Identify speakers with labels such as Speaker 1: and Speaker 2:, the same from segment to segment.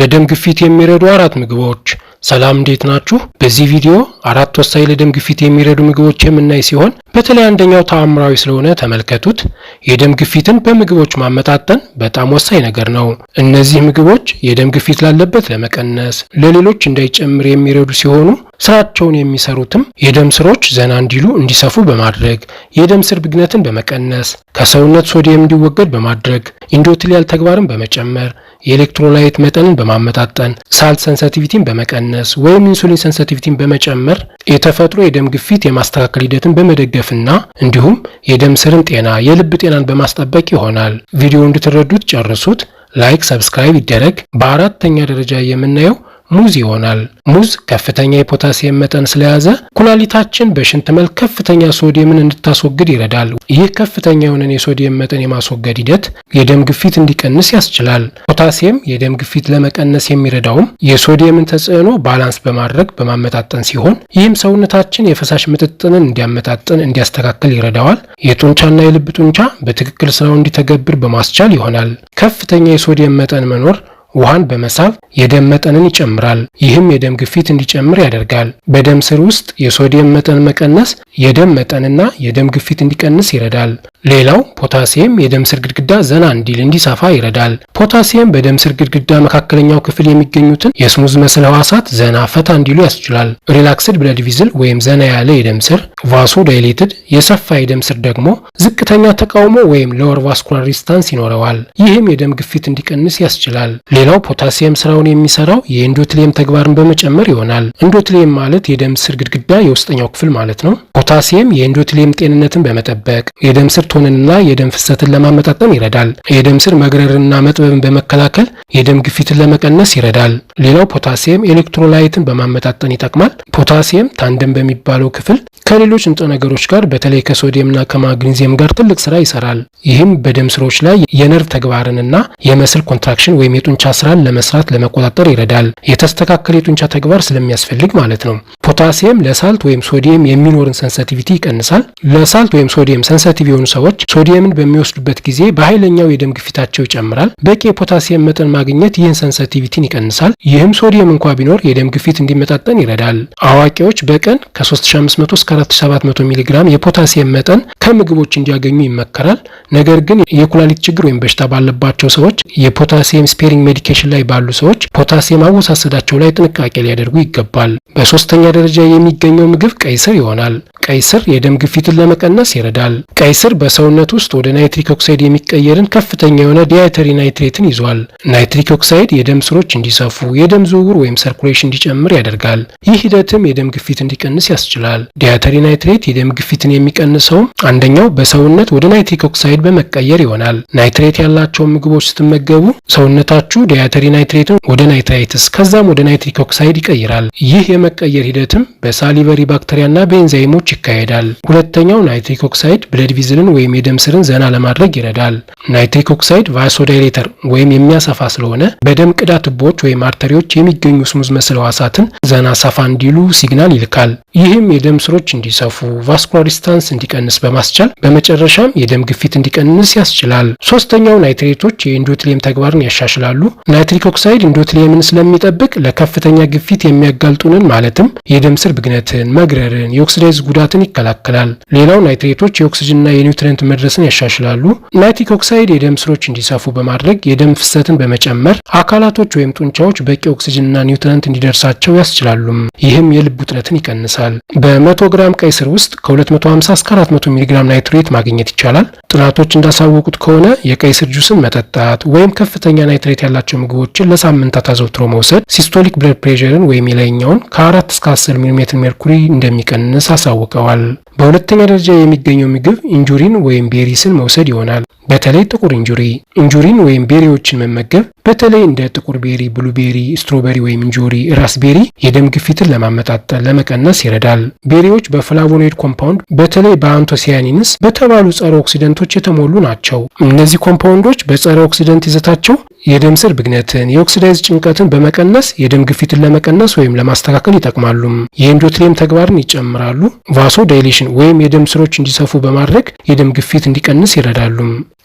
Speaker 1: ለደም ግፊት የሚረዱ አራት ምግቦች። ሰላም እንዴት ናችሁ? በዚህ ቪዲዮ አራት ወሳኝ ለደም ግፊት የሚረዱ ምግቦች የምናይ ሲሆን በተለይ አንደኛው ተአምራዊ ስለሆነ ተመልከቱት። የደም ግፊትን በምግቦች ማመጣጠን በጣም ወሳኝ ነገር ነው። እነዚህ ምግቦች የደም ግፊት ላለበት ለመቀነስ፣ ለሌሎች እንዳይጨምር የሚረዱ ሲሆኑ ስራቸውን የሚሰሩትም የደም ስሮች ዘና እንዲሉ እንዲሰፉ በማድረግ የደም ስር ብግነትን በመቀነስ ከሰውነት ሶዲየም እንዲወገድ በማድረግ ኢንዶትሊያል ተግባርን በመጨመር የኤሌክትሮላይት መጠንን በማመጣጠን ሳልት ሰንሰቲቪቲን በመቀነስ ወይም ኢንሱሊን ሰንሰቲቪቲን በመጨመር የተፈጥሮ የደም ግፊት የማስተካከል ሂደትን በመደገፍና እንዲሁም የደም ስርን ጤና፣ የልብ ጤናን በማስጠበቅ ይሆናል። ቪዲዮ እንድትረዱት ጨርሱት። ላይክ፣ ሰብስክራይብ ይደረግ። በአራተኛ ደረጃ የምናየው ሙዝ ይሆናል። ሙዝ ከፍተኛ የፖታሲየም መጠን ስለያዘ ኩላሊታችን በሽንት መልክ ከፍተኛ ሶዲየምን እንድታስወግድ ይረዳል። ይህ ከፍተኛ የሆነን የሶዲየም መጠን የማስወገድ ሂደት የደም ግፊት እንዲቀንስ ያስችላል። ፖታሲየም የደም ግፊት ለመቀነስ የሚረዳውም የሶዲየምን ተጽዕኖ ባላንስ በማድረግ በማመጣጠን ሲሆን ይህም ሰውነታችን የፈሳሽ ምጥጥንን እንዲያመጣጥን እንዲያስተካክል ይረዳዋል። የጡንቻና የልብ ጡንቻ በትክክል ስራው እንዲተገብር በማስቻል ይሆናል። ከፍተኛ የሶዲየም መጠን መኖር ውሃን በመሳብ የደም መጠንን ይጨምራል። ይህም የደም ግፊት እንዲጨምር ያደርጋል። በደም ስር ውስጥ የሶዲየም መጠን መቀነስ የደም መጠንና የደም ግፊት እንዲቀንስ ይረዳል። ሌላው ፖታሲየም የደም ስር ግድግዳ ዘና እንዲል እንዲሰፋ ይረዳል። ፖታሲየም በደም ስር ግድግዳ መካከለኛው ክፍል የሚገኙትን የስሙዝ መስል ህዋሳት ዘና ፈታ እንዲሉ ያስችላል። ሪላክስድ ብለድ ቪዝል ወይም ዘና ያለ የደም ስር፣ ቫሶ ዳይሌትድ የሰፋ የደም ስር ደግሞ ዝቅተኛ ተቃውሞ ወይም ሎወር ቫስኩላር ሪስታንስ ይኖረዋል። ይህም የደም ግፊት እንዲቀንስ ያስችላል። ሌላው ፖታሲየም ስራውን የሚሰራው የኢንዶትሊየም ተግባርን በመጨመር ይሆናል። ኢንዶትሊየም ማለት የደም ስር ግድግዳ የውስጠኛው ክፍል ማለት ነው። ፖታሲየም የኢንዶትሊየም ጤንነትን በመጠበቅ የደም ስር ቶንንና የደም ፍሰትን ለማመጣጠን ይረዳል። የደም ስር መግረርና መጥበብን በመከላከል የደም ግፊትን ለመቀነስ ይረዳል። ሌላው ፖታሲየም ኤሌክትሮላይትን በማመጣጠን ይጠቅማል። ፖታሲየም ታንደም በሚባለው ክፍል ከሌሎች ንጥረ ነገሮች ጋር በተለይ ከሶዲየምና ከማግኒዚየም ጋር ትልቅ ስራ ይሰራል። ይህም በደም ስሮች ላይ የነርቭ ተግባርንና የመስል ኮንትራክሽን ወይም የጡንቻ ስራን ለመስራት ለመቆጣጠር ይረዳል። የተስተካከለ የጡንቻ ተግባር ስለሚያስፈልግ ማለት ነው። ፖታሲየም ለሳልት ወይም ሶዲየም የሚኖርን ሰንሰቲቪቲ ይቀንሳል። ለሳልት ወይም ሶዲየም ሰንሰቲቭ የሆኑ ሰዎች ሶዲየምን በሚወስዱበት ጊዜ በኃይለኛው የደም ግፊታቸው ይጨምራል። በቂ የፖታሲየም መጠን ማግኘት ይህን ሰንሰቲቪቲን ይቀንሳል። ይህም ሶዲየም እንኳ ቢኖር የደም ግፊት እንዲመጣጠን ይረዳል። አዋቂዎች በቀን ከ3500 እስከ 4700 ሚሊ ግራም የፖታሲየም መጠን ከምግቦች እንዲያገኙ ይመከራል። ነገር ግን የኩላሊት ችግር ወይም በሽታ ባለባቸው ሰዎች የፖታሲየም ስፔሪንግ ሜዲኬሽን ላይ ባሉ ሰዎች ፖታሲየም አወሳሰዳቸው ላይ ጥንቃቄ ሊያደርጉ ይገባል። በሶስተኛ ደረጃ የሚገኘው ምግብ ቀይ ስር ይሆናል። ቀይ ስር የደም ግፊትን ለመቀነስ ይረዳል። ቀይ ስር በሰውነት ውስጥ ወደ ናይትሪክ ኦክሳይድ የሚቀየርን ከፍተኛ የሆነ ዲያይተሪ ናይትሬትን ይዟል። ናይትሪክ ኦክሳይድ የደም ስሮች እንዲሰፉ፣ የደም ዝውውር ወይም ሰርኩሌሽን እንዲጨምር ያደርጋል። ይህ ሂደትም የደም ግፊት እንዲቀንስ ያስችላል። ዲያይተሪ ናይትሬት የደም ግፊትን የሚቀንሰው አንደኛው በሰውነት ወደ ናይትሪክ ኦክሳይድ በመቀየር ይሆናል። ናይትሬት ያላቸውን ምግቦች ስትመገቡ ሰውነታችሁ ዲያይተሪ ናይትሬትን ወደ ናይትራይትስ ከዛም ወደ ናይትሪክ ኦክሳይድ ይቀይራል። ይህ የመቀየር ሂደትም በሳሊቨሪ ባክተሪያና በኤንዛይሞች ይካሄዳል። ሁለተኛው ናይትሪክ ኦክሳይድ ብለድ ቪዝልን ወይም የደም ስርን ዘና ለማድረግ ይረዳል። ናይትሪክ ኦክሳይድ ቫሶዳይሌተር ወይም የሚያሰፋ ስለሆነ በደም ቅዳ ትቦዎች ወይም አርተሪዎች የሚገኙ ስሙዝ መስል ሕዋሳትን ዘና ሰፋ እንዲሉ ሲግናል ይልካል። ይህም የደም ስሮች እንዲሰፉ ቫስኩላር ዲስታንስ እንዲቀንስ በማስቻል በመጨረሻም የደም ግፊት እንዲቀንስ ያስችላል። ሶስተኛው ናይትሬቶች የኢንዶትሊየም ተግባርን ያሻሽላሉ። ናይትሪክ ኦክሳይድ ኢንዶትሊየምን ስለሚጠብቅ ለከፍተኛ ግፊት የሚያጋልጡንን ማለትም የደም ስር ብግነትን፣ መግረርን፣ የኦክሲዳይዝ ጉዳ ጉዳትን ይከላከላል። ሌላው ናይትሬቶች የኦክስጅንና የኒውትሪንት መድረስን ያሻሽላሉ። ናይትሪክ ኦክሳይድ የደም ስሮች እንዲሰፉ በማድረግ የደም ፍሰትን በመጨመር አካላቶች ወይም ጡንቻዎች በቂ ኦክስጅንና ኒውትሪንት እንዲደርሳቸው ያስችላሉም። ይህም የልብ ውጥረትን ይቀንሳል። በ100 ግራም ቀይ ስር ውስጥ ከ250 እስከ 400 ሚሊግራም ናይትሬት ማግኘት ይቻላል። ጥናቶች እንዳሳወቁት ከሆነ የቀይ ስር ጁስን መጠጣት ወይም ከፍተኛ ናይትሬት ያላቸው ምግቦችን ለሳምንታት አዘውትሮ መውሰድ ሲስቶሊክ ብለድ ፕሬርን ወይም የላይኛውን ከ4 እስከ 10 ሚሜ ሜርኩሪ እንደሚቀንስ አሳወቀ። አስታውቀዋል። በሁለተኛ ደረጃ የሚገኘው ምግብ ኢንጁሪን ወይም ቤሪስን መውሰድ ይሆናል። በተለይ ጥቁር ኢንጁሪ። ኢንጁሪን ወይም ቤሪዎችን መመገብ በተለይ እንደ ጥቁር ቤሪ፣ ብሉቤሪ፣ ስትሮበሪ ወይም እንጆሪ፣ ቤሪ የደም ግፊትን ለማመጣጠን ለመቀነስ ይረዳል። ቤሪዎች በፍላቮኖይድ ኮምፓውንድ በተለይ በአንቶሲያኒንስ በተባሉ ጸረ ኦክሲደንቶች የተሞሉ ናቸው። እነዚህ ኮምፓውንዶች በጸረ ኦክሲደንት ይዘታቸው የደም ስር ብግነትን፣ የኦክሲዳይዝ ጭንቀትን በመቀነስ የደም ግፊትን ለመቀነስ ወይም ለማስተካከል ይጠቅማሉ። የኤንዶትሊየም ተግባርን ይጨምራሉ። ቫሶ ዳይሌሽን ወይም የደም ስሮች እንዲሰፉ በማድረግ የደም ግፊት እንዲቀንስ ይረዳሉ።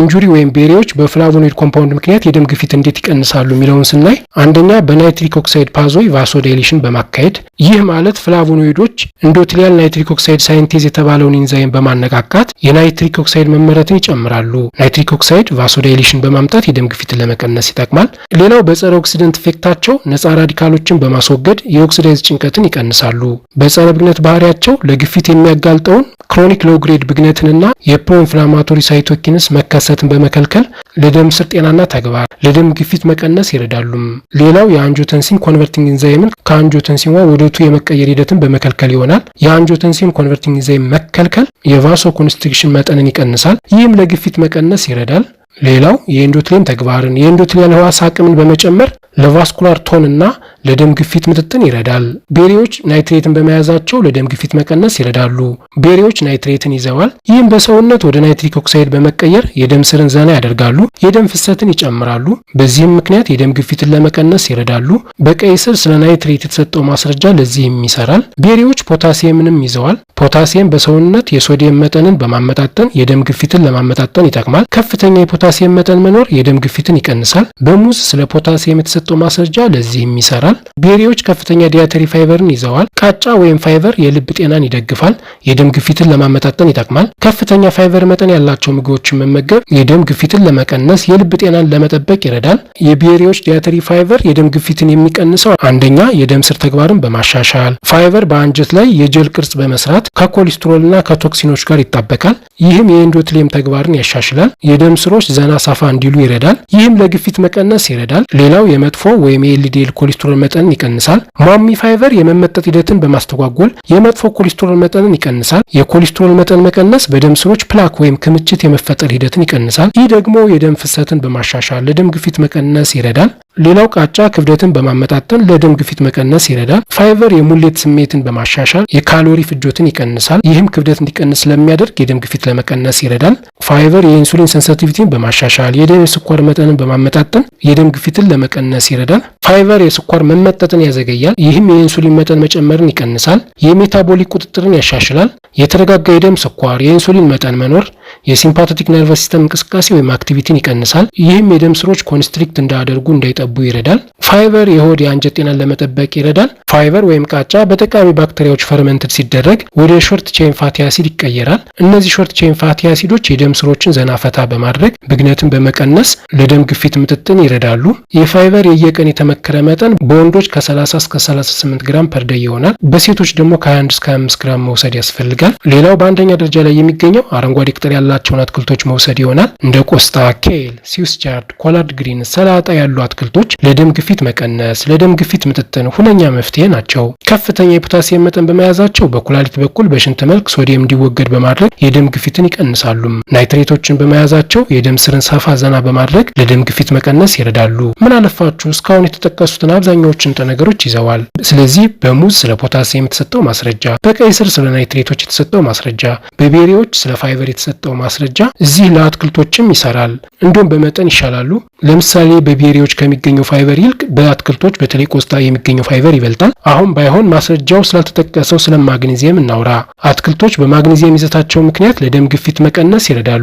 Speaker 1: ኢንጁሪ ወይም ቤሪዎች በፍላቮኖይድ ኮምፓውንድ ምክንያት የደም ግፊት እንዴት ይቀንሳሉ የሚለውን ስናይ አንደኛ በናይትሪክ ኦክሳይድ ፓዞይ ቫሶዳይሌሽን በማካሄድ ይህ ማለት ፍላቮኖይዶች እንዶትሊያል ናይትሪክ ኦክሳይድ ሳይንቴዝ የተባለውን ኢንዛይም በማነቃቃት የናይትሪክ ኦክሳይድ መመረትን ይጨምራሉ። ናይትሪክ ኦክሳይድ ቫሶዳይሌሽን በማምጣት የደም ግፊትን ለመቀነስ ይጠቅማል። ሌላው በጸረ ኦክሲደንት ኢፌክታቸው ነጻ ራዲካሎችን በማስወገድ የኦክሲዳይዝ ጭንቀትን ይቀንሳሉ። በጸረ ብግነት ባህሪያቸው ለግፊት የሚያጋልጠውን ክሮኒክ ሎው ብግነትንና የፕሮኢንፍላማቶሪ ሳይቶኪንስ መከ እንዳይከሰትም በመከልከል ለደም ስር ጤናና ተግባር፣ ለደም ግፊት መቀነስ ይረዳሉም። ሌላው የአንጆተንሲን ኮንቨርቲንግ ኢንዛይምን ከአንጆተንሲን ወደ ቱ የመቀየር ሂደትን በመከልከል ይሆናል። የአንጆተንሲን ኮንቨርቲንግ ኢንዛይም መከልከል የቫሶ ኮንስትሪክሽን መጠንን ይቀንሳል። ይህም ለግፊት መቀነስ ይረዳል። ሌላው የኢንዶትሊየም ተግባርን የኢንዶትሊያን ህዋስ አቅምን በመጨመር ለቫስኩላር ቶን እና ለደም ግፊት ምጥጥን ይረዳል። ቤሪዎች ናይትሬትን በመያዛቸው ለደም ግፊት መቀነስ ይረዳሉ። ቤሪዎች ናይትሬትን ይዘዋል። ይህም በሰውነት ወደ ናይትሪክ ኦክሳይድ በመቀየር የደም ስርን ዘና ያደርጋሉ፣ የደም ፍሰትን ይጨምራሉ። በዚህም ምክንያት የደም ግፊትን ለመቀነስ ይረዳሉ። በቀይ ስር ስለ ናይትሬት የተሰጠው ማስረጃ ለዚህም ይሰራል። ቤሪዎች ፖታሲየምንም ይዘዋል። ፖታሲየም በሰውነት የሶዲየም መጠንን በማመጣጠን የደም ግፊትን ለማመጣጠን ይጠቅማል። ከፍተኛ የፖታሲየም መጠን መኖር የደም ግፊትን ይቀንሳል። በሙዝ ስለ ፖታሲየም የተሰጠው ማስረጃ ለዚህም ይሰራል። ቤሪዎች ከፍተኛ ዲያተሪ ፋይበርን ይዘዋል። ቃጫ ወይም ፋይበር የልብ ጤናን ይደግፋል። የደም ግፊትን ለማመጣጠን ይጠቅማል። ከፍተኛ ፋይበር መጠን ያላቸው ምግቦችን መመገብ የደም ግፊትን ለመቀነስ፣ የልብ ጤናን ለመጠበቅ ይረዳል። የቤሪዎች ዲያተሪ ፋይበር የደም ግፊትን የሚቀንሰው አንደኛ የደም ስር ተግባርን በማሻሻል ፋይበር በአንጀት ላይ የጀል ቅርጽ በመስራት ከኮሌስትሮልና ከቶክሲኖች ጋር ይጣበቃል። ይህም የኤንዶትሊየም ተግባርን ያሻሽላል። የደም ስሮች ዘና ሳፋ እንዲሉ ይረዳል። ይህም ለግፊት መቀነስ ይረዳል። ሌላው የመጥፎ ወይም የኤልዲኤል ኮሌስትሮል ኮሌስትሮል መጠንን ይቀንሳል። ማሚ ፋይቨር የመመጠጥ ሂደትን በማስተጓጎል የመጥፎ ኮሌስትሮል መጠንን ይቀንሳል። የኮሌስትሮል መጠን መቀነስ በደም ስሮች ፕላክ ወይም ክምችት የመፈጠር ሂደትን ይቀንሳል። ይህ ደግሞ የደም ፍሰትን በማሻሻል ለደም ግፊት መቀነስ ይረዳል። ሌላው ቃጫ ክብደትን በማመጣጠን ለደም ግፊት መቀነስ ይረዳል። ፋይበር የሙሌት ስሜትን በማሻሻል የካሎሪ ፍጆትን ይቀንሳል። ይህም ክብደት እንዲቀንስ ስለሚያደርግ የደም ግፊት ለመቀነስ ይረዳል። ፋይበር የኢንሱሊን ሴንሲቲቪቲን በማሻሻል የደም የስኳር መጠንን በማመጣጠን የደም ግፊትን ለመቀነስ ይረዳል። ፋይበር የስኳር መመጠጥን ያዘገያል። ይህም የኢንሱሊን መጠን መጨመርን ይቀንሳል። የሜታቦሊክ ቁጥጥርን ያሻሽላል። የተረጋጋ የደም ስኳር፣ የኢንሱሊን መጠን መኖር የሲምፓቴቲክ ነርቨስ ሲስተም እንቅስቃሴ ወይም አክቲቪቲን ይቀንሳል። ይህም የደም ስሮች ኮንስትሪክት እንዳያደርጉ እንዳይጠ እንዲጠቡ ይረዳል። ፋይበር የሆድ የአንጀት ጤናን ለመጠበቅ ይረዳል። ፋይበር ወይም ቃጫ በጠቃሚ ባክቴሪያዎች ፈርመንትድ ሲደረግ ወደ ሾርት ቼን ፋቲ አሲድ ይቀየራል። እነዚህ ሾርት ቼን ፋቲ አሲዶች የደም ስሮችን ዘና ፈታ በማድረግ ብግነትን በመቀነስ ለደም ግፊት ምጥጥን ይረዳሉ። የፋይበር የየቀን የተመከረ መጠን በወንዶች ከ30 እስከ 38 ግራም ፐርደይ ይሆናል። በሴቶች ደግሞ ከ21 እስከ 25 ግራም መውሰድ ያስፈልጋል። ሌላው በአንደኛ ደረጃ ላይ የሚገኘው አረንጓዴ ቅጠል ያላቸውን አትክልቶች መውሰድ ይሆናል። እንደ ቆስታ፣ ኬል፣ ሲውስ ቻርድ፣ ኮላርድ ግሪን፣ ሰላጣ ያሉ አትክልቶች መድኃኒቶች ለደም ግፊት መቀነስ፣ ለደም ግፊት ምጥጥን ሁነኛ መፍትሄ ናቸው። ከፍተኛ የፖታሲየም መጠን በመያዛቸው በኩላሊት በኩል በሽንት መልክ ሶዲየም እንዲወገድ በማድረግ የደም ግፊትን ይቀንሳሉ። ናይትሬቶችን በመያዛቸው የደም ስርን ሰፋ ዘና በማድረግ ለደም ግፊት መቀነስ ይረዳሉ። ምን አለፋችሁ እስካሁን የተጠቀሱትን አብዛኛዎችን ንጥረ ነገሮች ይዘዋል። ስለዚህ በሙዝ ስለ ፖታሲየም የተሰጠው ማስረጃ፣ በቀይ ስር ስለ ናይትሬቶች የተሰጠው ማስረጃ፣ በቤሪዎች ስለ ፋይበር የተሰጠው ማስረጃ እዚህ ለአትክልቶችም ይሰራል። እንዲሁም በመጠን ይሻላሉ ለምሳሌ በቤሪዎች ከሚገኘው ፋይበር ይልቅ በአትክልቶች በተለይ ቆስጣ የሚገኘው ፋይበር ይበልጣል። አሁን ባይሆን ማስረጃው ስላልተጠቀሰው ስለ ማግኔዚየም እናውራ። አትክልቶች በማግኔዚየም ይዘታቸው ምክንያት ለደም ግፊት መቀነስ ይረዳሉ።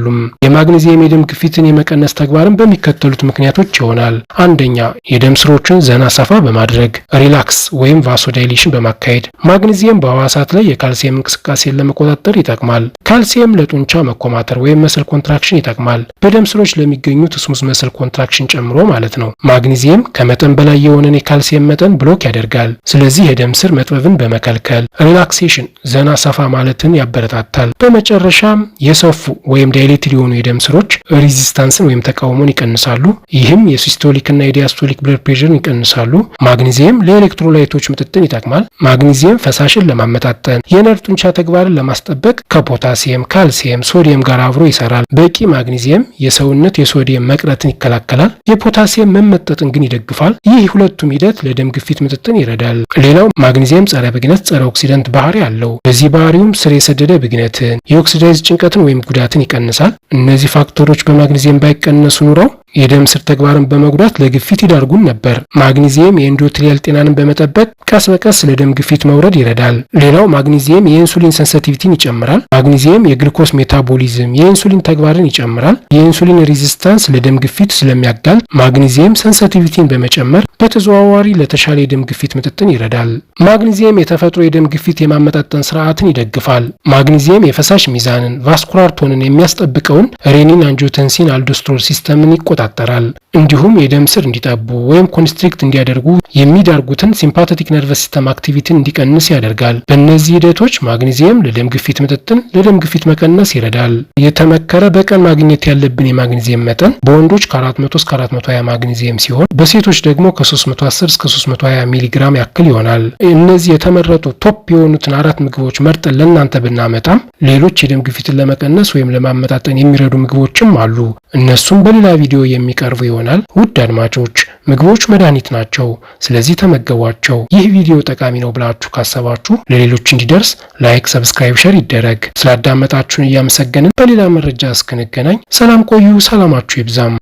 Speaker 1: የማግኔዚየም የደም ግፊትን የመቀነስ ተግባርም በሚከተሉት ምክንያቶች ይሆናል። አንደኛ፣ የደም ስሮችን ዘና ሰፋ በማድረግ ሪላክስ ወይም ቫሶዳይሌሽን በማካሄድ ማግኔዚየም በህዋሳት ላይ የካልሲየም እንቅስቃሴን ለመቆጣጠር ይጠቅማል። ካልሲየም ለጡንቻ መኮማተር ወይም መስል ኮንትራክሽን ይጠቅማል። በደም ስሮች ለሚገኙ ትስሙስ መስል ኮንትራክሽን ኮንትራክሽን ጨምሮ ማለት ነው። ማግኒዚየም ከመጠን በላይ የሆነን የካልሲየም መጠን ብሎክ ያደርጋል። ስለዚህ የደም ስር መጥበብን በመከልከል ሪላክሴሽን፣ ዘና ሰፋ ማለትን ያበረታታል። በመጨረሻም የሰፉ ወይም ዳይሌትድ የሆኑ የደም ስሮች ሪዚስታንስን ወይም ተቃውሞን ይቀንሳሉ። ይህም የሲስቶሊክና የዲያስቶሊክ ብለድ ፕሬርን ይቀንሳሉ። ማግኒዚየም ለኤሌክትሮላይቶች ምጥጥን ይጠቅማል። ማግኒዚየም ፈሳሽን ለማመጣጠን፣ የነርቭ ጡንቻ ተግባርን ለማስጠበቅ ከፖታሲየም፣ ካልሲየም፣ ሶዲየም ጋር አብሮ ይሰራል። በቂ ማግኒዚየም የሰውነት የሶዲየም መቅረትን ይከላከላል። ይከላከላል፣ የፖታሲየም መመጠጥን ግን ይደግፋል። ይህ ሁለቱም ሂደት ለደም ግፊት ምጥጥን ይረዳል። ሌላው ማግኒዚየም ጸረ ብግነት ጸረ ኦክሲደንት ባህሪ አለው። በዚህ ባህሪውም ስር የሰደደ ብግነትን፣ የኦክሲዳይዝ ጭንቀትን ወይም ጉዳትን ይቀንሳል። እነዚህ ፋክተሮች በማግኒዚየም ባይቀነሱ ኑረው የደም ስር ተግባርን በመጉዳት ለግፊት ይዳርጉን ነበር። ማግኒዚየም የኢንዶትሪያል ጤናንን በመጠበቅ ቀስ በቀስ ለደም ግፊት መውረድ ይረዳል። ሌላው ማግኒዚየም የኢንሱሊን ሰንሰቲቪቲን ይጨምራል። ማግኒዚየም የግልኮስ ሜታቦሊዝም የኢንሱሊን ተግባርን ይጨምራል። የኢንሱሊን ሬዚስታንስ ለደም ግፊት ስለሚያጋልጥ ማግኒዚየም ሰንሰቲቪቲን በመጨመር በተዘዋዋሪ ለተሻለ የደም ግፊት ምጥጥን ይረዳል። ማግኒዚየም የተፈጥሮ የደም ግፊት የማመጣጠን ስርዓትን ይደግፋል። ማግኒዚየም የፈሳሽ ሚዛንን ቫስኩላር ቶንን የሚያስጠብቀውን ሬኒን አንጆተንሲን አልዶስትሮል ሲስተምን ይቆጣል ይቆጣጠራል። እንዲሁም የደም ስር እንዲጠቡ ወይም ኮንስትሪክት እንዲያደርጉ የሚዳርጉትን ሲምፓቴቲክ ነርቨስ ሲስተም አክቲቪቲን እንዲቀንስ ያደርጋል። በእነዚህ ሂደቶች ማግኒዚየም ለደም ግፊት ምጥጥን ለደም ግፊት መቀነስ ይረዳል። የተመከረ በቀን ማግኘት ያለብን የማግኒዚየም መጠን በወንዶች ከ400 እስከ 420 ማግኒዚየም ሲሆን በሴቶች ደግሞ ከ310 እስከ 320 ሚሊግራም ያክል ይሆናል። እነዚህ የተመረጡ ቶፕ የሆኑትን አራት ምግቦች መርጠን ለእናንተ ብናመጣም ሌሎች የደም ግፊትን ለመቀነስ ወይም ለማመጣጠን የሚረዱ ምግቦችም አሉ። እነሱም በሌላ ቪዲዮ የሚቀርቡ ይሆናል። ይሆናል። ውድ አድማጮች ምግቦች መድኃኒት ናቸው፣ ስለዚህ ተመገቧቸው። ይህ ቪዲዮ ጠቃሚ ነው ብላችሁ ካሰባችሁ ለሌሎች እንዲደርስ ላይክ፣ ሰብስክራይብ፣ ሸር ይደረግ። ስላዳመጣችሁን እያመሰገንን በሌላ መረጃ እስክንገናኝ ሰላም ቆዩ። ሰላማችሁ ይብዛም።